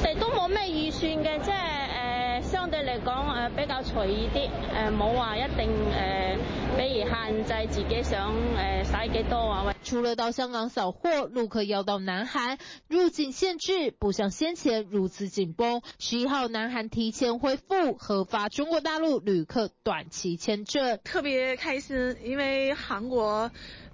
我都冇咩預算嘅，即係誒相對嚟講誒比較隨意啲，誒冇話一定誒，呃，比如限制自己想誒使幾多啊。除了到香港掃貨，陸客要到南韓入境限制，不像先前如此緊繃。十一號，南韓提前恢復核發中國大陸旅客短期簽證。特別開心，因為韓國。